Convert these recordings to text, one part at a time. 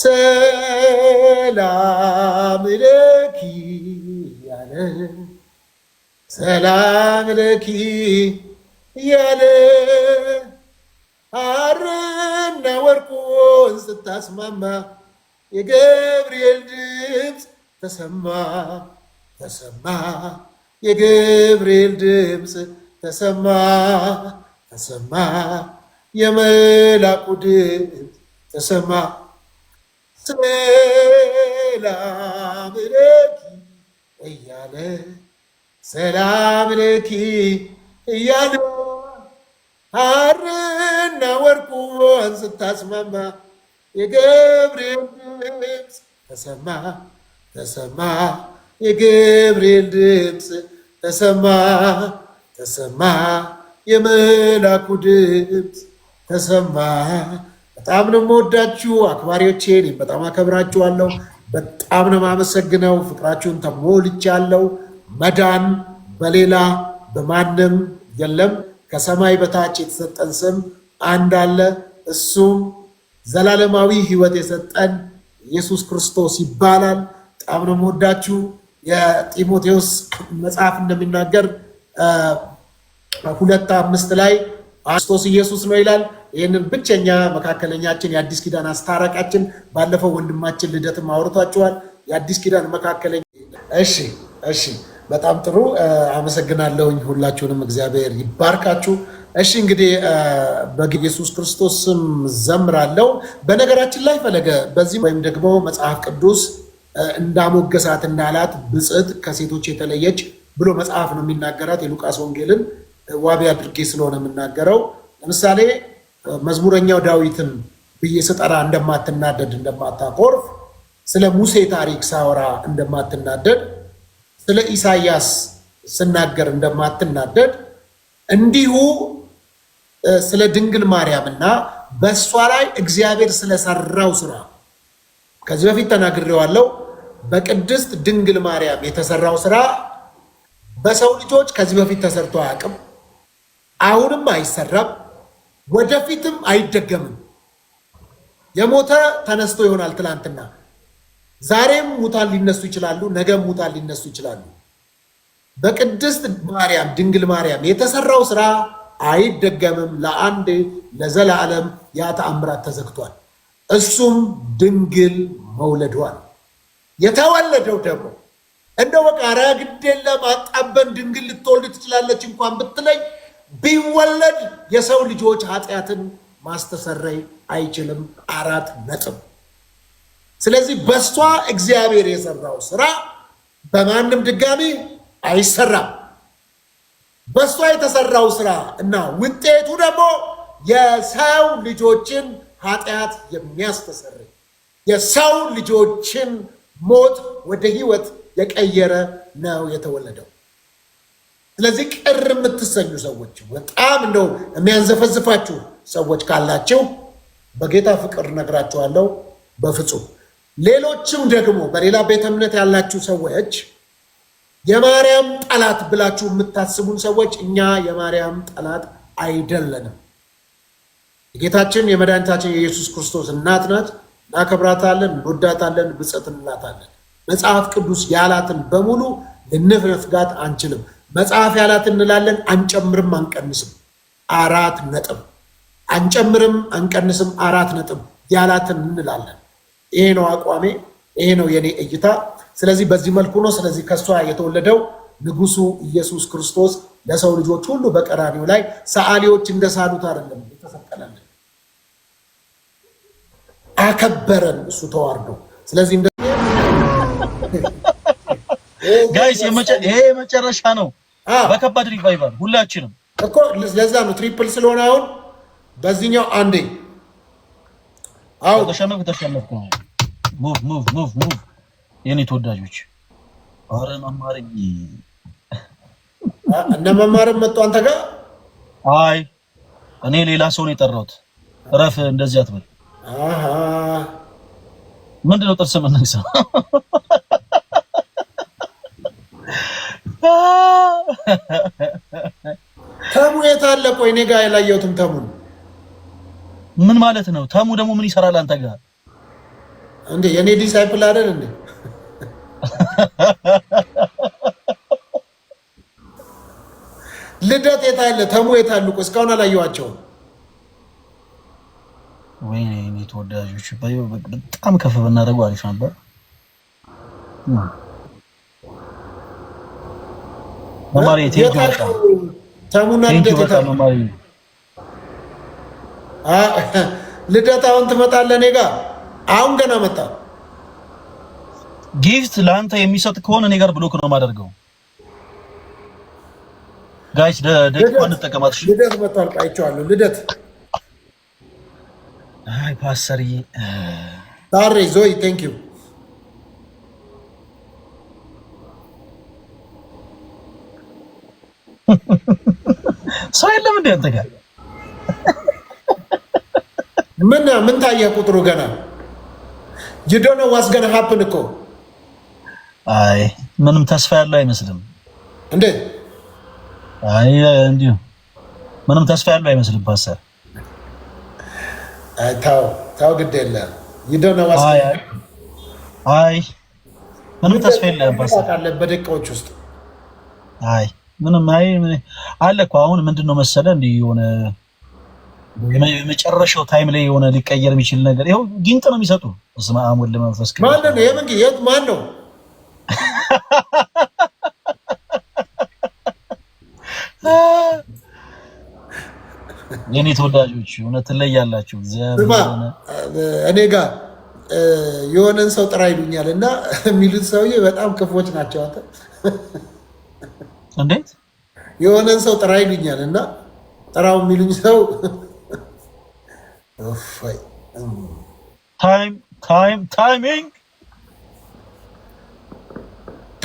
ሰላም ለኪ ያለ ሰላም ለኪ ያለ ሐርና ወርቁን ስታስማማ የገብርኤል ድምፅ ተሰማ ተሰማ የገብርኤል ድምፅ ተሰማ ተሰማ የመላኩ ድምፅ ተሰማ ሰላም ለኪ እያለ ሰላም ለኪ እያለ ሐርና ወርቁን ስታስማማ የገብርኤል ድምፅ ተሰማ ተሰማ የገብርኤል ድምፅ ተሰማ ተሰማ የመላኩ ድምፅ ተሰማ በጣም ነው የምወዳችሁ አክባሪዎቼ፣ እኔም በጣም አከብራችኋለሁ። በጣም ነው የማመሰግነው። ፍቅራችሁን ተሞልቻለሁ። መዳን በሌላ በማንም የለም። ከሰማይ በታች የተሰጠን ስም አንድ አለ። እሱም ዘላለማዊ ሕይወት የሰጠን ኢየሱስ ክርስቶስ ይባላል። በጣም ነው የምወዳችሁ። የጢሞቴዎስ መጽሐፍ እንደሚናገር ሁለት አምስት ላይ ክርስቶስ ኢየሱስ ነው ይላል። ይህንን ብቸኛ መካከለኛችን የአዲስ ኪዳን አስታራቂያችን ባለፈው ወንድማችን ልደትም አውርቷቸዋል የአዲስ ኪዳን መካከለኛ። እሺ፣ እሺ፣ በጣም ጥሩ አመሰግናለሁኝ። ሁላችሁንም እግዚአብሔር ይባርካችሁ። እሺ እንግዲህ በኢየሱስ ክርስቶስ ስም ዘምራለሁ። በነገራችን ላይ ፈለገ በዚህ ወይም ደግሞ መጽሐፍ ቅዱስ እንዳሞገሳት እንዳላት ብጽት ከሴቶች የተለየች ብሎ መጽሐፍ ነው የሚናገራት የሉቃስ ወንጌልን ዋቢ አድርጌ ስለሆነ የምናገረው ለምሳሌ መዝሙረኛው ዳዊትን ብዬ ስጠራ እንደማትናደድ እንደማታኮርፍ፣ ስለ ሙሴ ታሪክ ሳወራ እንደማትናደድ፣ ስለ ኢሳያስ ስናገር እንደማትናደድ እንዲሁ ስለ ድንግል እና በእሷ ላይ እግዚአብሔር ስለሰራው ስራ ከዚህ በፊት ተናግሬዋለሁ። በቅድስት ድንግል ማርያም የተሰራው ስራ በሰው ልጆች ከዚህ በፊት ተሰርቶ አያውቅም፣ አሁንም አይሰራም። ወደፊትም አይደገምም። የሞተ ተነስቶ ይሆናል ትላንትና። ዛሬም ሙታን ሊነሱ ይችላሉ፣ ነገም ሙታን ሊነሱ ይችላሉ። በቅድስት ማርያም ድንግል ማርያም የተሰራው ስራ አይደገምም። ለአንድ ለዘላለም ያ ተአምራት ተዘግቷል። እሱም ድንግል መውለዷል። የተወለደው ደግሞ እንደ በቃ ኧረ ግድ የለም አጣበን ድንግል ልትወልድ ትችላለች እንኳን ብትለኝ ቢወለድ የሰው ልጆች ኃጢአትን ማስተሰረይ አይችልም። አራት ነጥብ። ስለዚህ በሷ እግዚአብሔር የሰራው ስራ በማንም ድጋሚ አይሰራም። በሷ የተሰራው ስራ እና ውጤቱ ደግሞ የሰው ልጆችን ኃጢአት የሚያስተሰርይ የሰው ልጆችን ሞት ወደ ህይወት የቀየረ ነው የተወለደው። ስለዚህ ቅር የምትሰኙ ሰዎች በጣም እንደው የሚያንዘፈዝፋችሁ ሰዎች ካላችሁ በጌታ ፍቅር ነግራችኋለሁ፣ በፍጹም ሌሎችም ደግሞ በሌላ ቤተ እምነት ያላችሁ ሰዎች የማርያም ጠላት ብላችሁ የምታስቡን ሰዎች እኛ የማርያም ጠላት አይደለንም። የጌታችን የመድኃኒታችን የኢየሱስ ክርስቶስ እናት ናት። እናከብራታለን፣ እንወዳታለን፣ ብፅዕት እንላታለን። መጽሐፍ ቅዱስ ያላትን በሙሉ ልንፍረፍጋት አንችልም። መጽሐፍ ያላት እንላለን። አንጨምርም፣ አንቀንስም። አራት ነጥብ። አንጨምርም፣ አንቀንስም። አራት ነጥብ ያላትን እንላለን። ይሄ ነው አቋሜ፣ ይሄ ነው የኔ እይታ። ስለዚህ በዚህ መልኩ ነው። ስለዚህ ከእሷ የተወለደው ንጉሱ ኢየሱስ ክርስቶስ ለሰው ልጆች ሁሉ በቀራኒው ላይ ሰዓሊዎች እንደሳሉት አይደለም የተሰቀለልን፣ አከበረን እሱ ተዋርዶ። ስለዚህ ጋይስ ይሄ የመጨረሻ ነው። በከባድ ሪቫይቫል ሁላችንም እኮ ለዛ ነው ትሪፕል ስለሆነ አሁን በዚህኛው አንዴ አው ተሸነፍ ተሸነፍ ነው። ሙቭ ሙቭ ሙቭ ሙቭ የኔ ተወዳጆች፣ አረ መማር እነ መማርም መጡ አንተ ጋር። አይ እኔ ሌላ ሰው ነው የጠራሁት። እረፍ እንደዚህ አትበል። አሃ ምንድነው ጥርስ ምን ነው ተሙ የት አለ? ቆይ እኔ ጋር ያላየሁትም ተሙን። ምን ማለት ነው? ተሙ ደግሞ ምን ይሰራል አንተ ጋር እንዴ? የኔ ዲሳይፕል አይደል እንዴ? ልደት የት አለ? ተሙ የት አሉ? ቆይ እስካሁን አላየኋቸውም። ወይ እኔ ተወዳጆች በጣም ከፍ ብናደርገው አሪፍ ነበር። ልደት አሁን ትመጣለህ እኔ ጋር? አሁን ገና መጣ። ጊፍት ለአንተ የሚሰጥ ከሆነ እኔ ጋር ብሎክ ነው የማደርገው። ጋይስ ደቂቃ እንጠቀማት። ልደት መጣል ልደት አይ ፓስተርዬ ታሬ ዞይ ቴንክ ዩ ሰው የለም እንደ አንተ ጋር ምን ምን ታየ ቁጥሩ ገና you don't know what's እኮ አይ ምንም ተስፋ ያለው አይመስልም እንዴ አይ እንዲሁ ምንም ተስፋ ያለው አይመስልም ባሰር አይ ታው ታው ግድ የለ you don't አይ ምንም ተስፋ የለም ባሰር በደቂቃዎች ውስጥ አይ ምንም አይ አለ እኮ አሁን ምንድን ነው መሰለህ እንደ የሆነ የመጨረሻው ታይም ላይ የሆነ ሊቀየር የሚችል ነገር ይኸው ጊንጥ ነው የሚሰጡ ስማ አሙን ለመንፈስ ቅዱስ ማነው የምን የት ማን ነው የኔ ተወዳጆች እውነት ላይ ያላችሁ እኔ ጋር የሆነን ሰው ጥራ ይሉኛል እና የሚሉት ሰውዬ በጣም ክፎች ናቸው አንተ እንዴት የሆነን ሰው ጥራ ይሉኛል እና ጥራው የሚሉኝ ሰው ታይም ታይሚንግ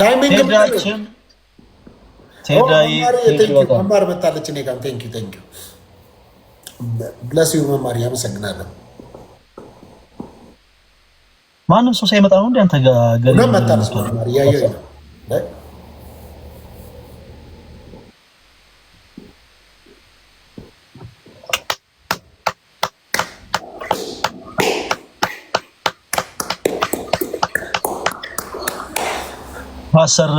ታይሚንግ መማር መታለች። እኔ ጋርም ቴንክ ዩ ቴንክ ዩ ብለስ ዩ መማር ማንም ሰው ሳይመጣ ነው እንደ አንተ ጋር ገ ማሰር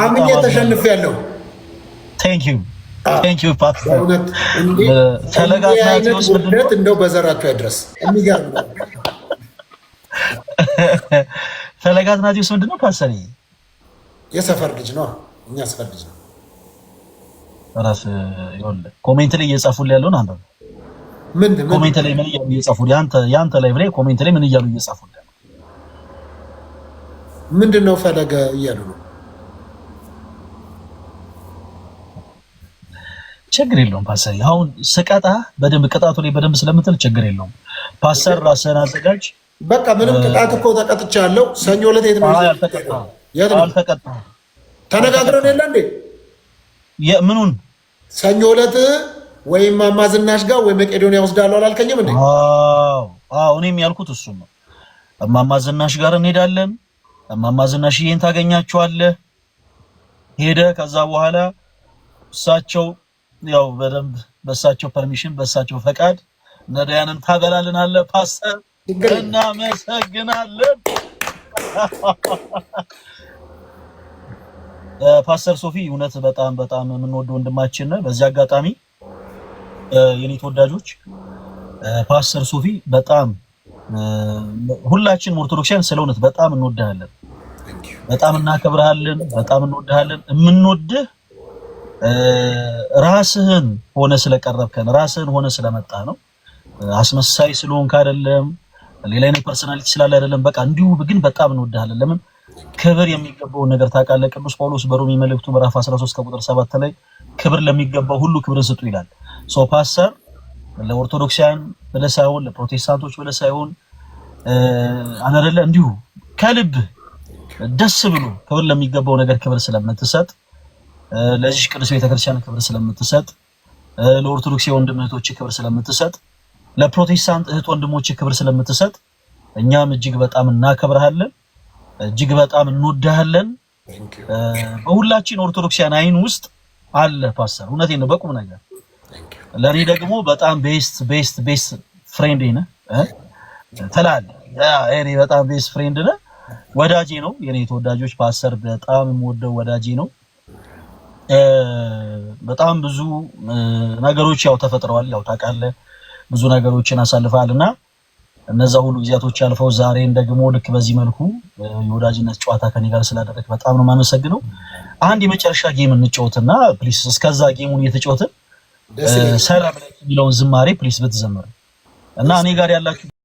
አምኜ ተሸንፍ ያለው ቴንክ ዩ ቴንክ ዩ ፓስተር ተለጋግናት ውርደት እንደው በዘራቸው ያድረስ። የሚገርም ነው። ተለጋግናት ምንድን ነው ፓስተር? የሰፈር ልጅ ነው፣ እኛ ሰፈር ልጅ ነው። ራስ ይኸውልህ ኮሜንት ላይ እየጻፉልህ ያለውን አንተ ኮሜንት ላይ ምን እያሉ እየጻፉልህ የአንተ ላይ ብላይ ኮሜንት ላይ ምን እያሉ እየጻፉልህ ምንድን ነው ፈለገ እያሉ ነው ችግር የለውም። ፓስተር አሁን ስቀጣ በደንብ ቅጣቱ ላይ በደንብ ስለምትል ችግር የለውም። ፓስተር ራስህን አዘጋጅ። በቃ ምንም ቅጣት እኮ ተቀጥቻለሁ። ሰኞ ዕለት የት ነው አልተቀጣሁም። ተነጋግረን የለ እንዴ? የምኑን ሰኞ ዕለት ወይም ማማዝናሽ ጋር ወይ መቄዶንያ ወስዳለሁ አላልከኝም እንዴ? አዎ እኔም ያልኩት እሱ ነው። እማማዝናሽ ጋር እንሄዳለን። እማማዝናሽ ይሄን ታገኛቸዋለህ ሄደ ከዛ በኋላ እሳቸው ያው በደንብ በሳቸው ፐርሚሽን በሳቸው ፈቃድ ነዳያንን አለ ፓስተር እናመሰግናለን። ፓስተር ሶፊ እውነት በጣም በጣም የምንወደው ወንድማችን ነው። በዚህ አጋጣሚ የኔ ተወዳጆች ፓስተር ሶፊ በጣም ሁላችንም ኦርቶዶክሳውያን ስለ እውነት በጣም እንወድሃለን፣ በጣም እናከብርሃለን፣ በጣም እንወድሃለን። የምንወድህ ራስህን ሆነ ስለቀረብከን ራስህን ሆነ ስለመጣ ነው። አስመሳይ ስለሆንክ አይደለም፣ ሌላ አይነት ፐርሰናሊቲ ስላለ አይደለም። በቃ እንዲሁ ግን በጣም እንወድሃለን። ለምን ክብር የሚገባውን ነገር ታውቃለህ። ቅዱስ ጳውሎስ በሮሜ መልእክቱ ምዕራፍ 13 ከቁጥር 7 ላይ ክብር ለሚገባው ሁሉ ክብርን ስጡ ይላል። ሶ ፓስተር ለኦርቶዶክሳውያን ብለህ ሳይሆን ለፕሮቴስታንቶች ብለህ ሳይሆን አላደለ እንዲሁ ከልብ ደስ ብሎ ክብር ለሚገባው ነገር ክብር ስለምትሰጥ ለዚህ ቅዱስ ቤተክርስቲያን ክብር ስለምትሰጥ፣ ለኦርቶዶክስ የወንድም እህቶች ክብር ስለምትሰጥ፣ ለፕሮቴስታንት እህት ወንድሞች ክብር ስለምትሰጥ እኛም እጅግ በጣም እናከብራለን እጅግ በጣም እንወዳሃለን። በሁላችን ኦርቶዶክሲያን አይን ውስጥ አለ ፓስተር፣ እውነቴን ነው በቁም ነገር ለእኔ ደግሞ በጣም ቤስት ቤስት ቤስት ፍሬንድ ነህ ትላለህ። እኔ በጣም ቤስት ፍሬንድ ነህ፣ ወዳጄ ነው የኔ ተወዳጆች ፓስተር፣ በጣም የምወደው ወዳጄ ነው። በጣም ብዙ ነገሮች ያው ተፈጥረዋል። ያው ታውቃለህ ብዙ ነገሮችን አሳልፈሃል እና እነዛ ሁሉ ጊዜያቶች አልፈው ዛሬን ደግሞ ልክ በዚህ መልኩ የወዳጅነት ጨዋታ ከኔ ጋር ስላደረግ በጣም ነው የማመሰግነው። አንድ የመጨረሻ ጌም እንጫወትና ፕሊስ፣ እስከዛ ጌሙን እየተጫወትን ሰላም የሚለውን ዝማሬ ፕሊስ ብትዘምር እና እኔ ጋር ያላችሁ